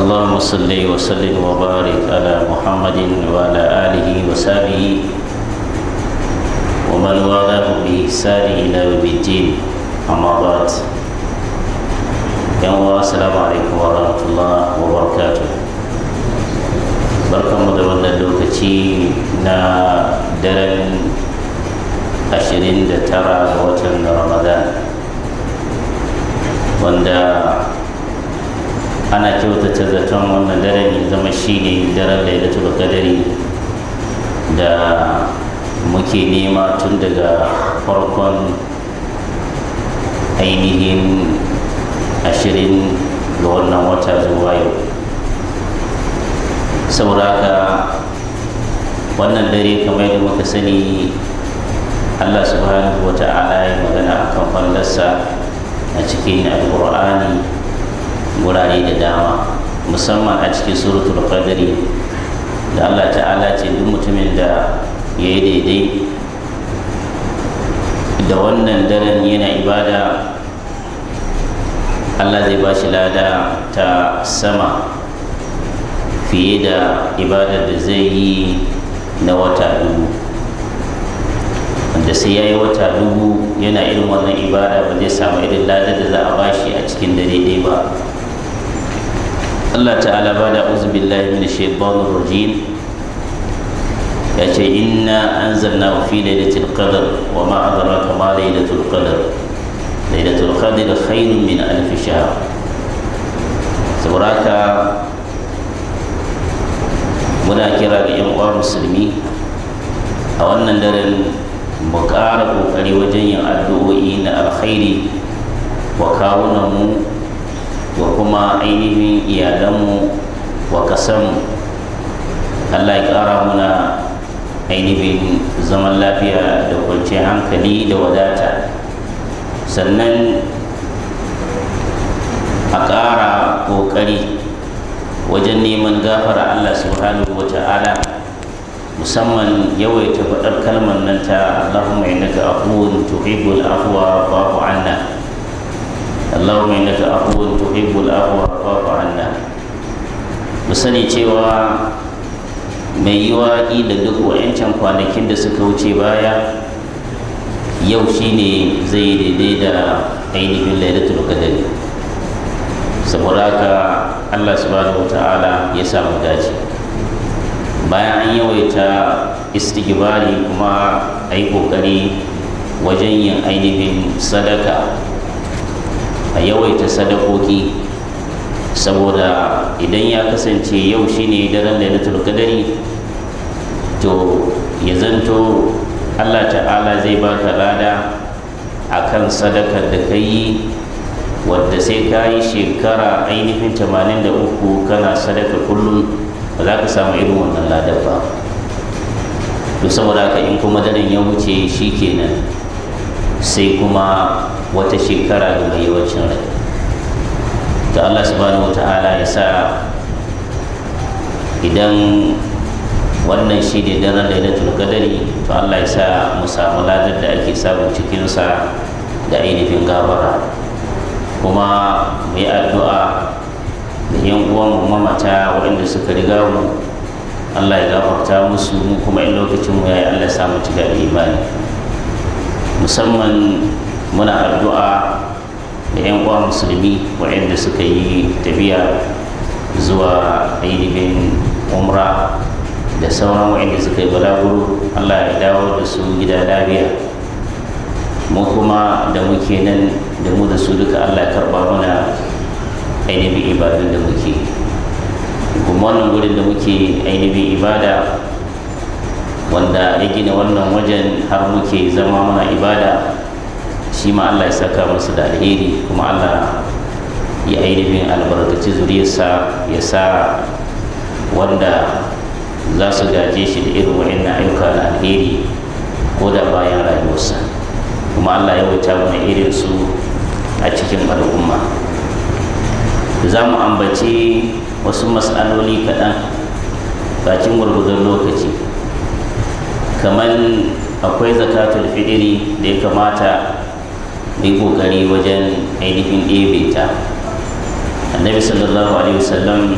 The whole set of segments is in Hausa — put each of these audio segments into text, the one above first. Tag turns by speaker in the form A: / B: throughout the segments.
A: اللهم صل وسلم وبارك على محمد وعلى آله وصحبه ومن والاه بإحسان إلى يوم الدين أما بعد يوم السلام عليكم ورحمة الله وبركاته barkan mu da wannan lokaci na daren 29 ga watan ramadan wanda ana kyautata zaton wannan daren ya zama shi ne daren da qadari da muke nema tun daga farkon ainihin ashirin ga wannan wata zuwa yau sauraka wannan dare kamar yadda muka sani allah subhanahu wa ta'ala ya magana kan fallarsa a cikin alkur'ani wurare da dama musamman a cikin suratul qadari da Allah ta'ala ce duk mutumin da ya yi daidai da wannan daren yana ibada Allah zai bashi shi lada ta sama fiye da ibadar da zai yi na wata dubu wanda sai ya yi wata dubu yana irin wannan ibada ba zai samu irin ladar da za a bashi a cikin dare ba Allah ta'ala ba da uzu billahi min shaitanir rajim ya ce inna anzalna fi lailatul qadr wa ma adraka ma lailatul qadr lailatul qadr khairun min alf shahr sauraka muna kira ga yan uwa musulmi a wannan daren mu ƙara ƙoƙari wajen yin addu'o'i na alkhairi wa kawunan mu wa kuma ainihin iyalanmu wa kasanmu allah ya ƙara muna ainihin zaman lafiya da kwanciyar hankali da wadata sannan a ƙara ƙoƙari wajen neman gafara allah subhanahu wa ta'ala musamman yawaita faɗar kalmar nan ta allahumma innaka afuwun tuhibbul afwa fa'fu anna اللهم انك عفو تحب العفو فاعف عنا mu sani cewa mai yiwa da duk wa'ancan kwanakin da suka wuce baya yau shi ne zai daidai da ainihin lailatul qadari saboda ka Allah subhanahu ta'ala ya samu dace bayan an yawaita istighbari kuma a yi kokari wajen yin ainihin sadaka a yawaita sadakoki saboda idan ya kasance yau shine daren lailatul qadari to ya zanto Allah ta'ala zai baka lada akan sadakar da ka yi wadda sai ka yi shekara ainihin tamanin da uku kana sadaka kullum ba za ka samu irin wannan ladar ba to saboda haka in kuma daren ya wuce shi kenan sai kuma wata shekara da mai yawancin rai ta Allah subhanahu ta'ala ya sa idan wannan shi ne daren lailatul dari to Allah ya sa mu samu ladar da ake samun cikinsa da ainihin gabara kuma mu addu'a da yan uwan mamata waɗanda suka riga mu Allah ya gafarta musu mu kuma in lokacin mu yi Allah ya samu cika imani musamman muna addu'a da 'yan uwa musulmi waɗanda suka yi tafiya zuwa ainihin umra da sauran waɗanda suka yi balaguro allah ya dawo da su gida lafiya mu kuma da muke nan da mu da su duka allah ya karɓa mana ainihin ibadun da muke kuma wannan gurin da muke ainihin ibada wanda ya gina wannan wajen har muke zama mana ibada shi ma allah ya saka masu da alheri kuma allah ya ainihin albarkaci zuriyarsa ya sa wanda za su gaje shi da irin na ayyuka na alheri ko da bayan rayuwarsa kuma allah ya wuta mana irin su a cikin al'umma za mu ambaci wasu matsaloli kaɗan bakin gwargwadon lokaci kamar akwai zakatul fidiri da ya kamata yi kokari wajen ainihin ɗebe annabi sallallahu alaihi wasallam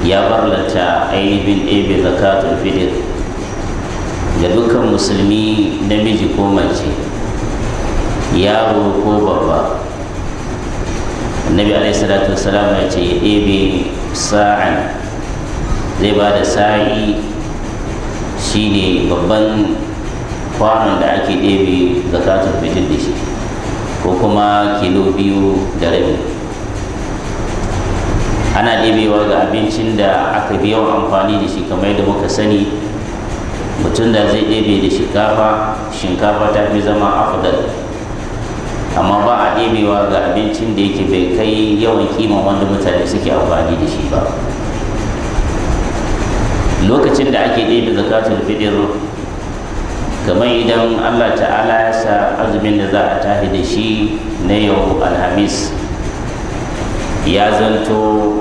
A: ya barlata ainihin ɗebe zakatul fidir ga dukkan musulmi namiji ko mace yaro ko babba annabi alaihi salatu wasallam ya ce ya ɗebe sa'an zai ba da sa'i Shi ne babban kwanon da ake ɗebe zakatun fitar da shi ko kuma kilo biyu da rabi ana ɗebewa ga abincin da aka fi yawan amfani da shi kamar yadda muka sani mutum da zai ɗebe da shinkafa shinkafa ta fi zama afdal amma ba a ɗebewa ga abincin da yake bai kai yawan kiman wanda mutane suke amfani da shi ba lokacin da ake ɗebe zakatul fidir, kamar idan Allah ta'ala ya sa azumin da za a tahi da shi na yau alhamis ya zanto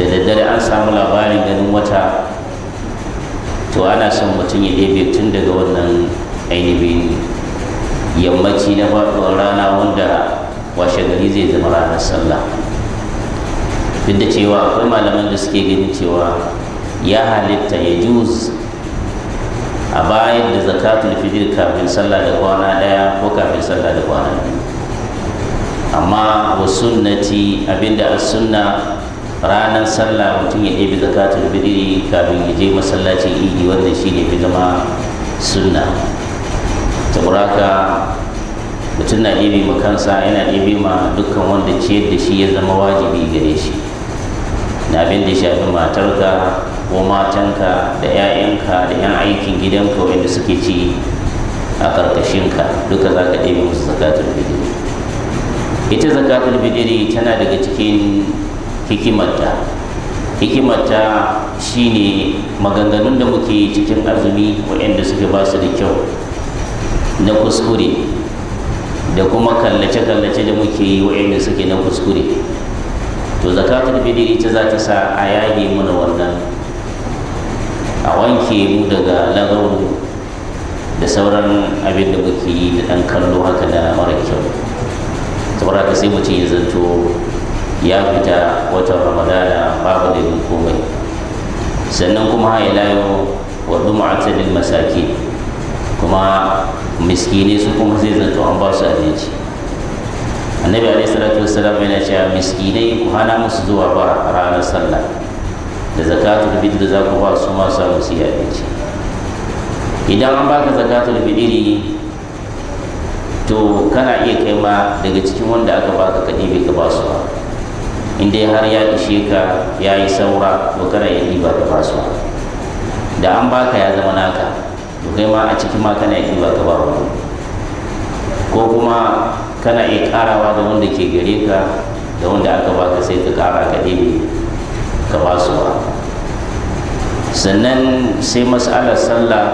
A: da daddare an samu labarin ganin wata to ana son mutum ya ɗebe tun daga wannan ainihin yammaci na faɗuwar rana wanda washe gari zai zama ranar sallah duk da cewa akwai malaman da suke ganin cewa ya halitta ya juz a bayan da zakatul fidir kafin sallah da kwana daya ko kafin sallah da kwana biyu amma wa sunnati abinda a sunna ranar sallah mutum ya ɗebe zakatul fidir kafin ya je masallacin idi wannan shine fi zama sunna buraka mutum na ɗebe ma kansa yana ɗebe ma dukkan wanda ciyar da shi ya zama wajibi gare shi na abin da shafi matarka ko matanka da 'ya'yanka da 'yan aikin gidanka wanda suke ci a ka duka za ka ɗebe musu zakatul bidiri ita zakatul bidiri tana daga cikin hikimarta hikimarta shine maganganun da muke cikin azumi waɗanda suke ba su da kyau na kuskure da kuma kallace-kallace da muke yi waɗanda suke na kuskure to zakatar bidiri ta za ta sa a yage mana wannan a wanke mu daga lagauru da sauran abin da muke yi da ɗan kallo haka da mara kyau saboda ka sai mutum ya zanto ya fita wata ramadana babu da komai sannan kuma ha ila yau wa dum'atan lil kuma miskini su kuma zai zanto an ba su abinci annabi alaihi salatu wassalam yana cewa miskinai ku hana musu zuwa ba ranar sallah da zakatul fitr za ku ba su ma samu su yi abinci idan an baka zakatul fitri to kana iya kai ma daga cikin wanda aka baka ka ɗebe ka ba su ba in dai har ya ishe ka ya yi saura to kana iya ɗiba ka ba su da an baka ya zama naka to kai ma a ciki ma kana iya ɗiba ka ba wani ko kuma kana iya ƙarawa da wanda ke gare ka da wanda aka baka sai ka kara ka ɗebe gawazuwa sannan sai mas'alar sallah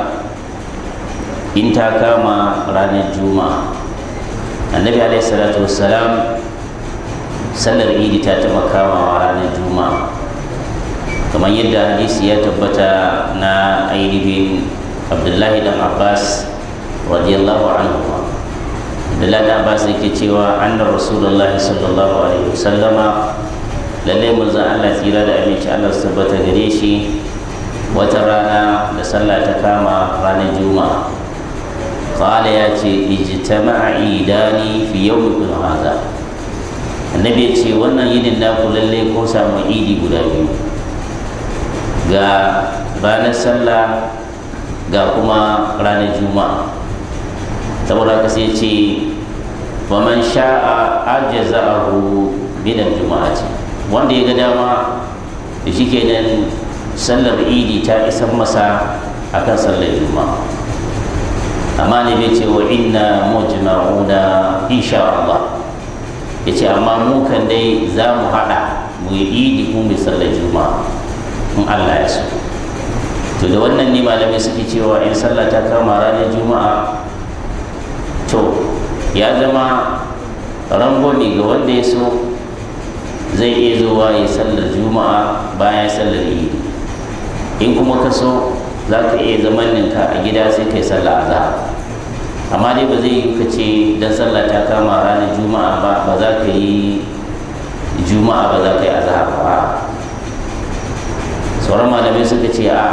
A: in ta kama ranar juma'a annabi alaihi salatu wassalam sallar idi ta taɓa kamawa ranar juma'a kamar yadda hadisi ya tabbata na ainihin abdullahi dan abbas radiyallahu anhu abdullahi dan abbas yake cewa annar rasulullahi sallallahu alaihi wasallama lallai manzon Allah tsira da abinci Allah su tabbata gare shi wata rana da sallah ta kama ranar juma'a qala ya ce ijtama'a idani fi yawmikum haza annabi ya ce wannan yinin naku lallai ko samu idi guda biyu ga ranar sallah ga kuma ranar juma'a saboda ka sai ce man sha'a ajiye ajaza'ahu bidan juma'a ce wanda ya ga dama da shi kenan sallar idi ta isan masa a kan sallar juma'a amma ne bai ce wa inna mujma'una insha Allah ya ce amma mu kan dai za mu haɗa mu yi idi mu mai sallar juma'a in Allah ya so to da wannan ne malamai suke cewa in sallah ta kama ranar juma'a to ya zama rangoni ga wanda ya so zai iya zuwa ya sallar juma'a bayan sallar yi in kuma ka so za ka iya zaman ninka a gida sai kai sallar azhar amma dai ba zai yi ka ce dan sallar ta kama ranar juma'a ba ba za ka yi juma'a ba za ka yi azhar ba sauran malamai suka ce a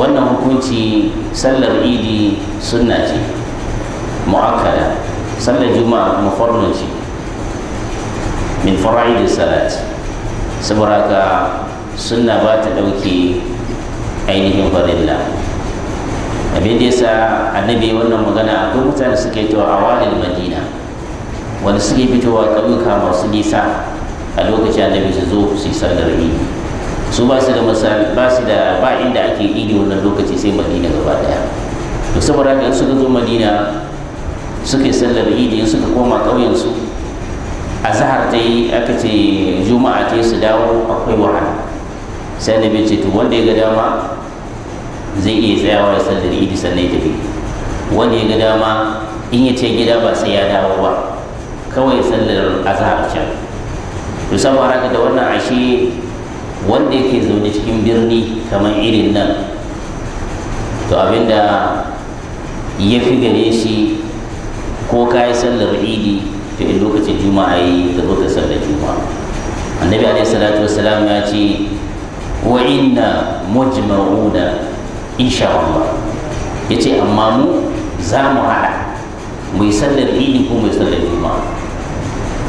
A: wannan hukunci sallar idi sunna ce mu'akkada sallar juma'a kuma farnon ce min fara'idin salat saboda haka sunna ba ta dauki ainihin farilla abin da yasa annabi wannan magana akwai mutane suke to a walin madina wanda suke fitowa ƙauyuka masu nisa a lokacin annabi su zo su yi sallar idi su ba su da misali ba su da ba inda ake idi wannan lokaci sai madina gaba daya to saboda haka in suka zo madina suka yi sallar idi suka koma ƙauyensu azhar ta yi aka ce juma'a ta su dawo akwai wahala sai na ce to wanda ya ga dama zai iya tsayawa ya sallar idi sannan ya tafi wanda ya ga dama in ya ce gida ba sai ya dawo ba kawai sallar azhar can to saboda haka da wannan ashe wanda yake zaune cikin birni kamar irin nan to abinda ya fi gare shi ko ka yi sallar idi to in eh, lokacin juma'a yi ka zo ka sallar juma'a annabi alaihi salatu wassalam ya ce wa inna mujma'una insha Allah yace amma mu za mu hada mu yi sallar idi ko mu yi sallar juma'a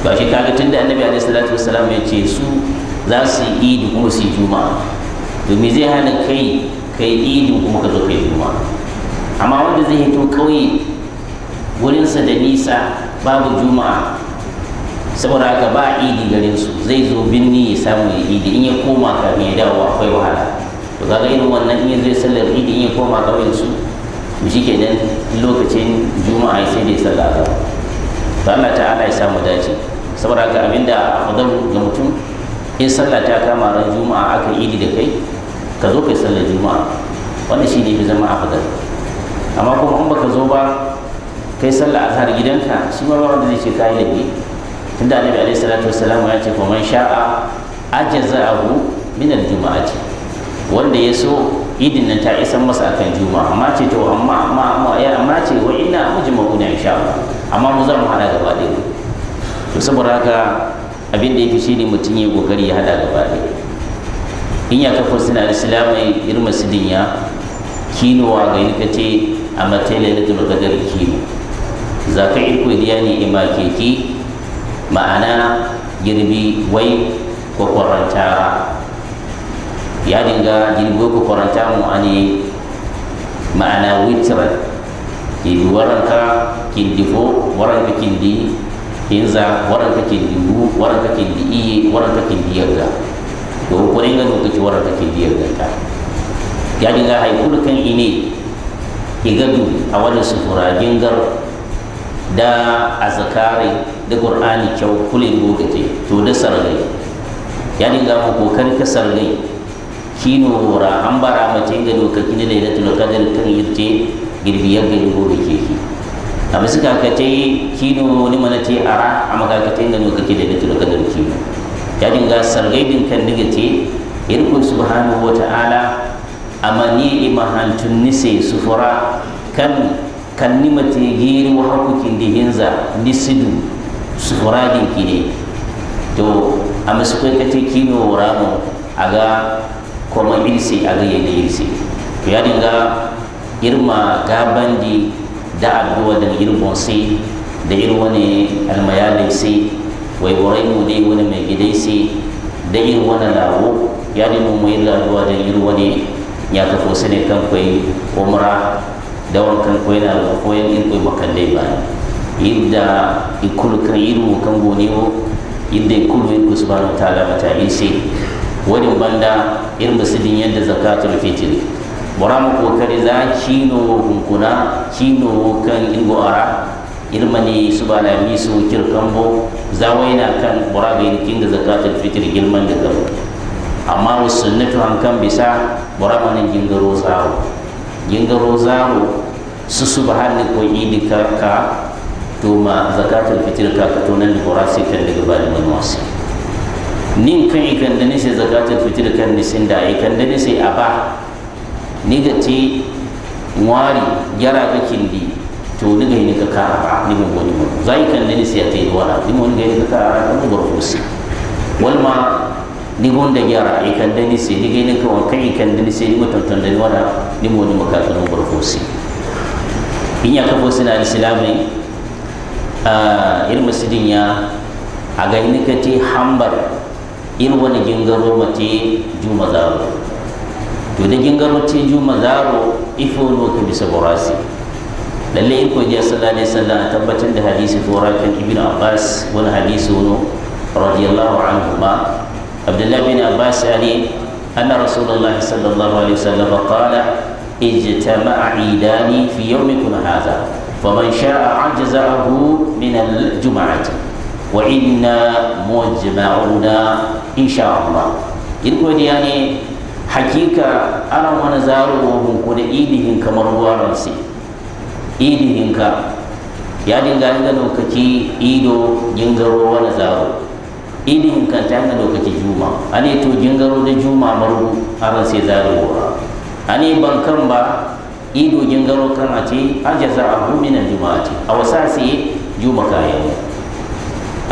A: ba shi kaga tunda annabi alaihi salatu wassalam ya ce su za su yi idi ko su yi juma'a to me zai hana kai kai idi kuma ka zo kai juma'a amma wanda zai hito kauye wurinsa da nisa babu juma'a saboda haka ba idi garin su zai zo binni ya samu ya idi in ya koma kafin ya dawo akwai wahala to ga irin wannan in zai sallar idi in ya koma kawai su to shikenan lokacin juma'a sai dai sallah to Allah ta'ala ya samu dace saboda haka abinda afdalu ga mutum in sallah ta kama ran juma'a aka idi da kai ka zo kai sallar juma'a wannan ne bi zama afdal amma kuma in baka zo ba kai sallah azhar gidanka shi ma wanda zai ce kai laifi tunda annabi alaihi salatu wassalam ya ce man sha'a ajza'ahu min al ce wanda ya so idin nan ta isan masa akan juma'a amma ce to amma amma amma ya amma ce wa inna na insha Allah amma mu za mu hada gaba ɗaya to saboda haka abin da yake shine mutum ya kokari ya hada gaba ɗaya in ya kafa suna islamai irin masu dinya kinowa ga yi kace a matsayin da qadar kino zato irko ne ima keke ma'ana girbi wai ko kwarantara ya dinga girbi ko kwaranta mu ne ma'ana witra ki waranka kindifo waranka kindi hinza waranka kindi ru waranka kindi iye waranka kindi yarda to ko dinga nuka ci waranka kindi yarda ta ya dinga haikulu kan ine igadu a wani sufura gingar da azkari da qur'ani kyau kulin lokaci to da sargai ya dinga mu kokari ka sargai kino ra an bara mace ga lokaci ne ka dan kan yirce girbiyar ga gobe ke ki a bisa kakatai kino ni mana ce ara amma kakatai ga lokaci ka dan kino ya dinga sargai din kan diga te irkun subhanahu wa ta'ala amani imahantun nise sufura kan kannima te giri wa haku kindi hinza nisidu ki ne to a masukai kate kino a ga koma a ga yana ilse to ya dinga irma gabandi da abuwa da irbon sai da irin wani almayalai sai wai wurai mu dai wani mai gidai sai da irin wani lawo ya dinga mu yi laluwa da irin wani ya kafo su ne kan kwai umra dawon kan ko yana ko yan in ko makalle ba yidda ikul kan yiru kan goni wo yadda ikul yin ko subhanahu ta'ala mata yise wani banda irin basidin yadda zakatul fitri boram ko kare za chino hunkuna no kan ingo ara su kir kan kirkambo za waina kan boraga yirkin da zakatul fitri girman da gaba amma wasu sunnatu hankan bisa borama ne gingaro tsawo gingaro mu su ba subhanni ko idi ka to ma zakatul fitr ka ka to nan dora sai kan daga ba da wasu Ni kan yi kan da sai zakatul fitr kan ni sin da kan da sai aba ni ga ti ngwari yara ga kindi to ni ga ni ka ka aba ni ga wani Za zai kan da sai ta yi wala ni mu ni ga ni ka ka aba ni ga wal ma ni gonda gyara i kan dani se ni gani ka wanka i kan dani se ni mo tonton dani wana ni mo ni maka kan ngor fosi inya ka fosi na islamai a irin masjidin ya a ga ni ka hambar irin wani gingaro mate juma zaro to da gingaro te juma zaro ifo no ka bisa borasi lalle in ko jiya sallallahu alaihi wasallam tabbatin da hadisi to rakan ibn abbas wani hadisi wono radiyallahu anhu ma عبد الله بن عباس يعني أن رسول الله صلى الله عليه وسلم قال اجتمع عيدان في يومكم هذا فمن شاء عجزه من الجمعة وإنا مجمعون إن شاء الله يقول يعني حقيقة أنا ونزارهم كن إيدهم كما هو رأسي إيدهم كا يعني قال لنا كي إيدو ينقروا ونزاروا idi hinkanta hanga do kake juma ani to jingaro da juma maru aran sai zaro wora ani bankan ba ido jingaro kan a ce an jaza a huminan juma'ati a wasa sai juma kayan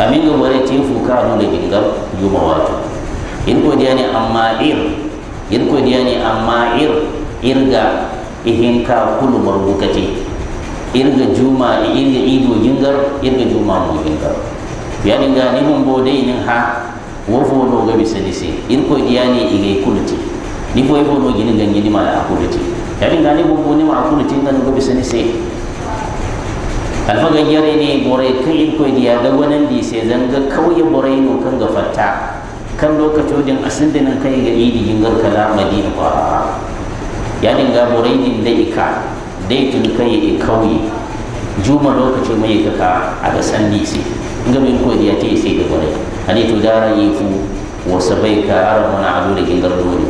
A: amin ga wani ce fuka nuna jingar juma wato in ko ne amma ir in ko ne amma ir irga ihinka kulu marbukace irga juma irga ido jingar irga juma mu jingar yani ni mun bode ni ha wo fo no ga bisa dise in ko i ga kulti ni ko fo no ni gangi ni ma akulti yani ni mun bode ma akulti ngan ga bisa dise alfa ga yare ne bore kai in ko diya ga wannan zan ga kauye bore no kan ga fatta kan lokacin din asin da nan kai ga idi gar kala madina ba yani ga bore din dai ka dai tun kai e kauye juma lokacin mai kaka a ga sandi sai ga min ko ya te sai da gore ani to dara yi ku wasa bai ka arama na ado da gingar dole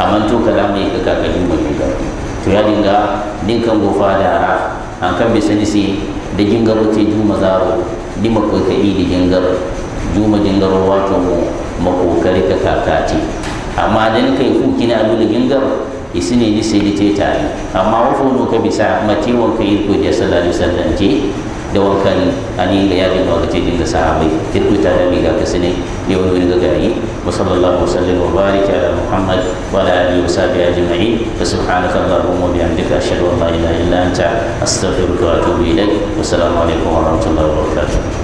A: amma to kala mai kaka ka juma gingar to ya dinga dinkan gofa da ara an kan bai sani sai da gingaro te juma zaro dima ko ka yi da gingar juma gingaro wato mu makokari ka kakati amma dan kai ku kina ado da gingar isini ni sili te tari amma wo fono ka bisa mati won ka yirko ya sallallahu alaihi wasallam je da won kan ani ga ya bin wakati din da sahabai kirku ta da miga ka sine ne won min ga gari wa sallallahu wasallam wa barika ala muhammad wa ala alihi wa sahbihi ajma'in wa subhanaka allahumma wa bihamdika ashhadu an la ilaha illa anta astaghfiruka wa atubu ilaik wa assalamu alaikum wa rahmatullahi wa barakatuh